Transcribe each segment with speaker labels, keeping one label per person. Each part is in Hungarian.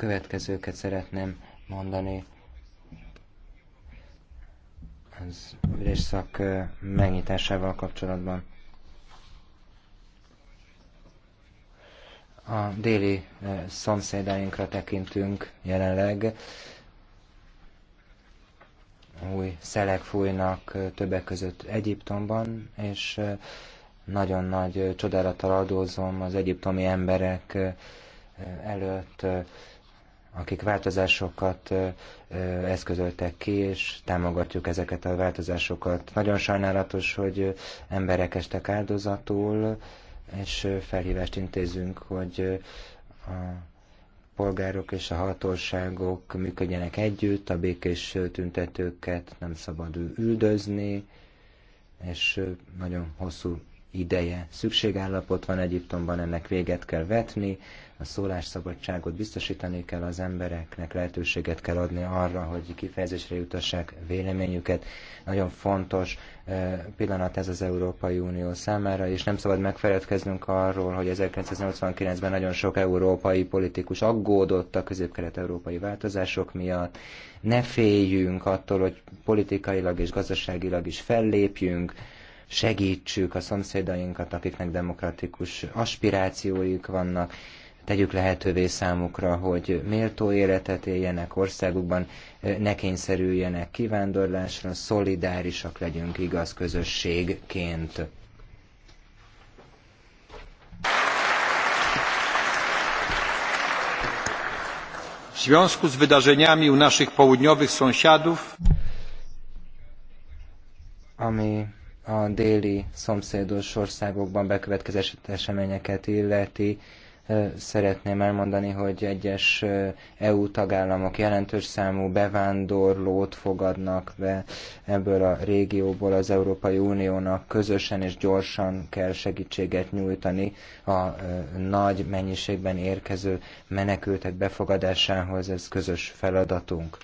Speaker 1: következőket szeretném mondani. Az ülésszak megnyitásával kapcsolatban. A déli szomszédainkra tekintünk jelenleg. Új szelek fújnak többek között Egyiptomban, és nagyon nagy csodálattal adózom az egyiptomi emberek előtt akik változásokat eszközöltek ki, és támogatjuk ezeket a változásokat. Nagyon sajnálatos, hogy emberek estek áldozatul, és felhívást intézünk, hogy a polgárok és a hatóságok működjenek együtt, a békés tüntetőket nem szabad üldözni, és nagyon hosszú ideje. Szükségállapot van Egyiptomban, ennek véget kell vetni, a szólásszabadságot biztosítani kell az embereknek, lehetőséget kell adni arra, hogy kifejezésre jutassák véleményüket. Nagyon fontos eh, pillanat ez az Európai Unió számára, és nem szabad megfeledkeznünk arról, hogy 1989-ben nagyon sok európai politikus aggódott a közép-kelet-európai változások miatt. Ne féljünk attól, hogy politikailag és gazdaságilag is fellépjünk, segítsük a szomszédainkat, akiknek demokratikus aspirációik vannak, tegyük lehetővé számukra, hogy méltó életet éljenek országukban, ne kényszerüljenek kivándorlásra, szolidárisak legyünk igaz közösségként. W związku z wydarzeniami u naszych południowych sąsiadów, ami a déli szomszédos országokban bekövetkezett eseményeket illeti, szeretném elmondani, hogy egyes EU tagállamok jelentős számú bevándorlót fogadnak be ebből a régióból az Európai Uniónak közösen és gyorsan kell segítséget nyújtani a nagy mennyiségben érkező menekültek befogadásához, ez közös feladatunk,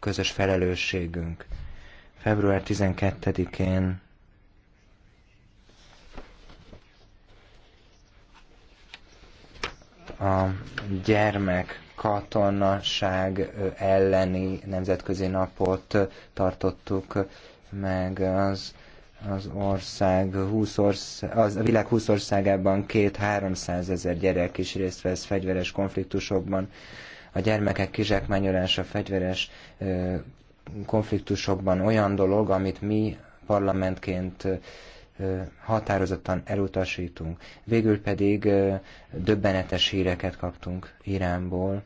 Speaker 1: közös felelősségünk. Február 12-én a gyermek katonaság elleni nemzetközi napot tartottuk meg az az ország 20 ország, az, a világ 20 országában két 300 ezer gyerek is részt vesz fegyveres konfliktusokban. A gyermekek kizsákmányolása fegyveres ö, konfliktusokban olyan dolog, amit mi parlamentként határozottan elutasítunk. Végül pedig döbbenetes híreket kaptunk Iránból.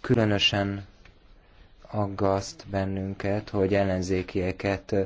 Speaker 1: Különösen aggaszt bennünket, hogy ellenzékieket